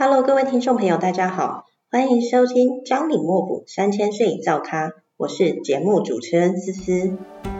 Hello，各位聽眾朋友，大家好，歡迎收聽張《張李莫府三千歲造咖》，我是節目主持人絲絲。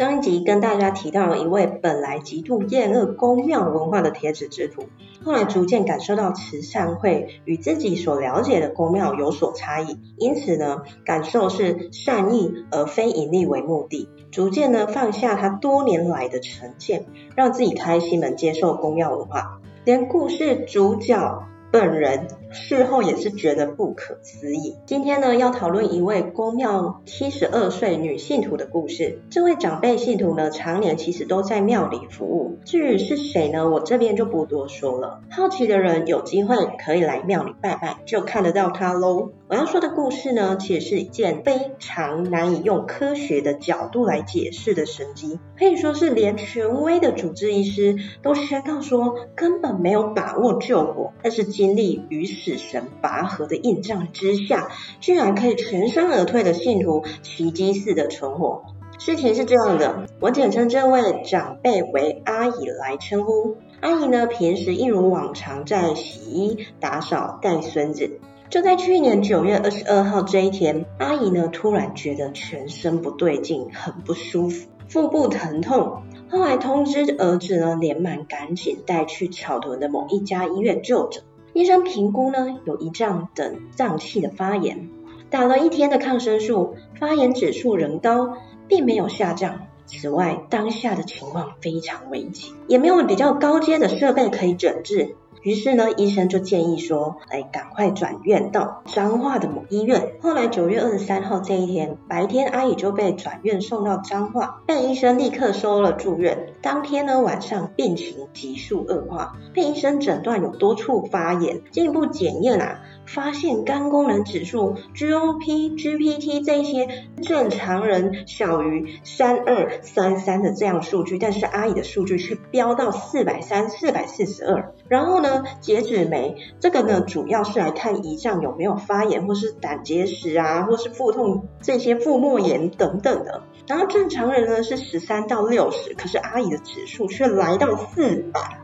上一集跟大家提到了一位本來極度厭惡宮廟文化的鐵齒之徒，後來逐漸感受到慈善會與自己所了解的宮廟有所差異，因此呢，感受是善意而非盈利為目的，逐漸呢放下他多年來的成見，讓自己開心能接受宮廟文化，連故事主角。本人事後也是覺得不可思議。今天呢，要討論一位宮廟七十二歲女信徒的故事。這位長輩信徒呢，常年其實都在廟裡服務。至於是誰呢，我這邊就不多說了。好奇的人有機會可以來廟裡拜拜，就看得到她嘍。我要說的故事呢，其實是一件非常難以用科學的角度來解釋的神蹟，可以說是連權威的主治醫師都宣告說根本沒有把握救活，但是經歷與死神拔河的硬仗之下，居然可以全身而退的信徒，奇蹟似的存活。事情是這樣的，我簡稱這位長輩為阿姨來稱呼。阿姨呢，平時一如往常在洗衣、打掃、帶孫子。就在去年九月二十二號這一天，阿姨呢突然覺得全身不對勁，很不舒服，腹部疼痛。後來通知兒子呢，連忙趕緊帶去草屯的某一家醫院就診。醫生評估呢，有胰臟等臟器的發炎，打了一天的抗生素，發炎指數仍高，並沒有下降。此外，當下的情況非常危急，也沒有比較高階的設備可以診治。於是呢，醫生就建議說，哎，趕快轉院到彰化的某醫院。後來九月二十三號這一天白天，阿姨就被轉院送到彰化，被醫生立刻收了住院。當天呢晚上病情急速惡化，被醫生診斷有多處發炎，進一步檢驗啊。發現肝功能指數 G O P G P T 這些正常人小於三二三三的這樣數據，但是阿姨的數據卻飆到四百三、四百四十二。然後呢，解脂酶這個呢，主要是來看胰臟有沒有發炎，或是膽結石啊，或是腹痛這些腹膜炎等等的。然後正常人呢是十三到六十，可是阿姨的指數卻來到四百。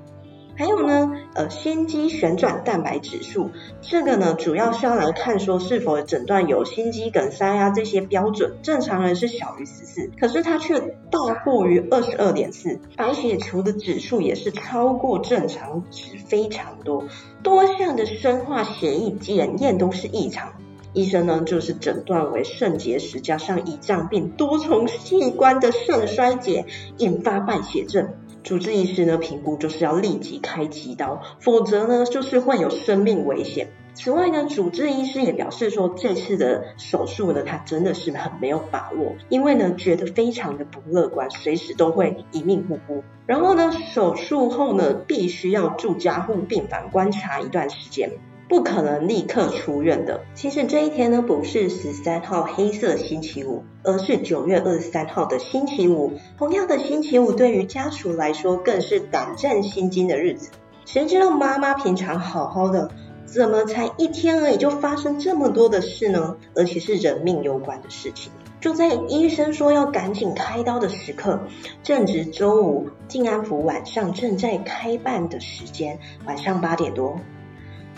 還有呢，呃，心肌旋轉蛋白指數，這個呢，主要是要來看說是否診斷有心肌梗塞啊這些標準，正常人是小於十四，可是他卻大過於二十二點四，白血球的指數也是超過正常值非常多，多項的生化血液檢驗都是異常，醫生呢就是診斷為腎結石加上胰臟病多重器官的腎衰竭引發敗血症。主治醫師呢，評估就是要立即開急刀，否則呢，就是會有生命危險。此外呢，主治醫師也表示說，這次的手術呢，他真的是很沒有把握，因為呢，覺得非常的不樂觀，隨時都會一命嗚呼。然後呢，手術後呢，必須要住加護病房觀察一段時間。不可能立刻出院的。其實這一天呢，不是十三號黑色星期五，而是九月二十三號的星期五。同樣的星期五，對於家屬來說，更是膽戰心驚的日子。誰知道媽媽平常好好的，怎麼才一天而已就發生這麼多的事呢？而且是人命攸關的事情。就在醫生說要趕緊開刀的時刻，正值週五，靜安府晚上正在開辦的時間，晚上八點多。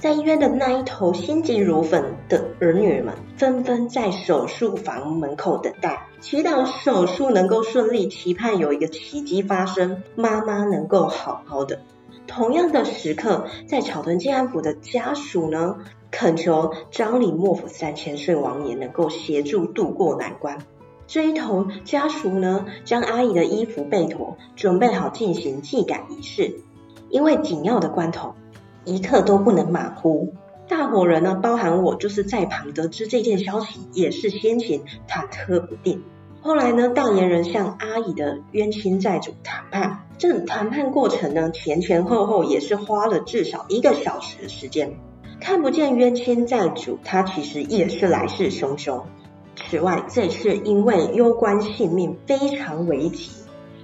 在醫院的那一頭，心急如焚的兒女們紛紛在手術房門口等待，祈禱手術能夠順利，期盼有一個奇蹟發生，媽媽能夠好好的。同樣的時刻，在草屯靖安府的家屬呢，懇求張李莫府三千歲王爺能夠協助度過難關。這一頭家屬呢，將阿姨的衣服備妥，準備好進行祭改儀式，因為緊要的關頭，一刻都不能馬虎。大夥人呢，包含我，就是在旁得知這件消息，也是先前忐忑不定。後來呢，代言人向阿姨的冤親債主談判，這談判過程呢，前前後後也是花了至少一個小時的時間。看不見冤親債主，他其實也是來勢洶洶。此外，這次因為攸關性命，非常危急，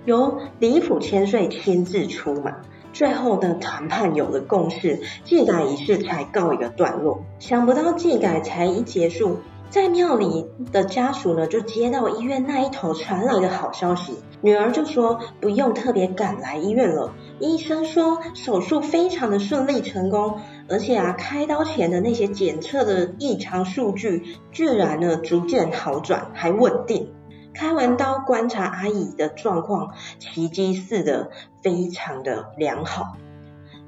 由李府千歲親自出馬。最後的談判有了共識，祭改儀式才告一個段落。想不到祭改才一結束，在廟裡的家屬呢就接到醫院那一頭傳來的好消息，女兒就說不用特別趕來醫院了。醫生說手術非常的順利成功，而且啊開刀前的那些檢測的異常數據，居然呢逐漸好轉，還穩定。開完刀觀察阿姨的狀況，奇蹟似的非常的良好。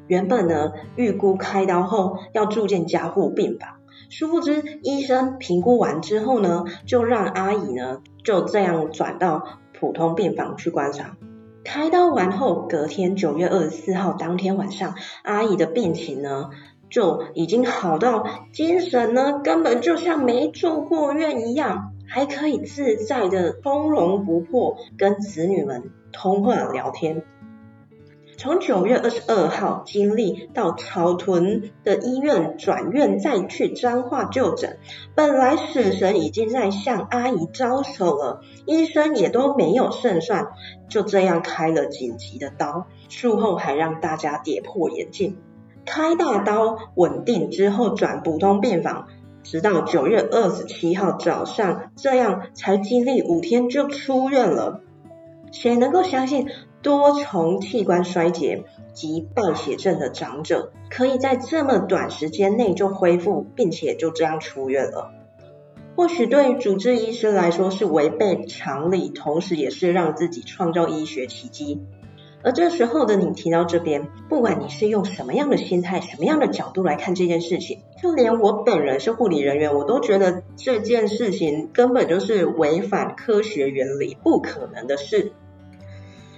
原本呢預估開刀後要住進加護病房，殊不知醫生評估完之後呢，就讓阿姨呢就這樣轉到普通病房去觀察。開刀完後隔天九月二十四號當天晚上，阿姨的病情呢就已經好到精神呢根本就像沒住過院一樣。還可以自在的從容不迫跟子女們通話聊天。從九月二十二號經歷到草屯的醫院轉院，再去彰化就診，本來死神已經在向阿姨招手了，醫生也都沒有勝算，就這樣開了緊急的刀，術後還讓大家跌破眼鏡，開大刀穩定之後轉普通病房。直到九月二十七號早上，這樣才經歷五天就出院了。誰能夠相信多重器官衰竭及敗血症的長者，可以在這麼短時間內就恢復，並且就這樣出院了？或許對於主治醫師來說是違背常理，同時也是讓自己創造醫學奇蹟。而這時候的你聽到這邊，不管你是用什麼樣的心態、什麼樣的角度來看這件事情，就連我本人是護理人員，我都覺得這件事情根本就是違反科學原理、不可能的事。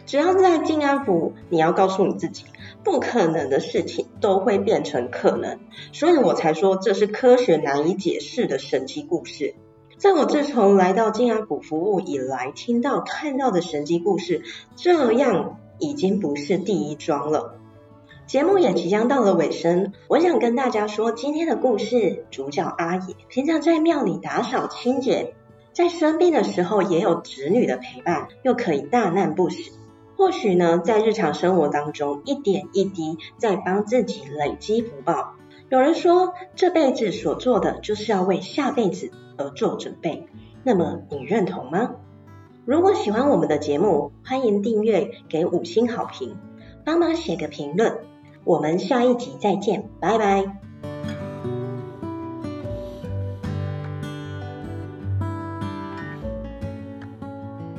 只要在靜安府，你要告訴你自己，不可能的事情都會變成可能，所以我才說這是科學難以解釋的神奇故事。在我自從來到靜安府服務以來，聽到看到的神奇故事，這樣。已經不是第一樁了。節目也即將到了尾聲，我想跟大家說，今天的故事主角阿姨，平常在廟裡打掃清潔，在生病的時候也有子女的陪伴，又可以大難不死。或許呢，在日常生活當中，一點一滴在幫自己累積福報。有人說，這輩子所做的就是要為下輩子而做準備，那麼你認同嗎？如果喜歡我們的節目，歡迎訂閱、給五星好評、幫忙寫個評論。我們下一集再見，拜拜。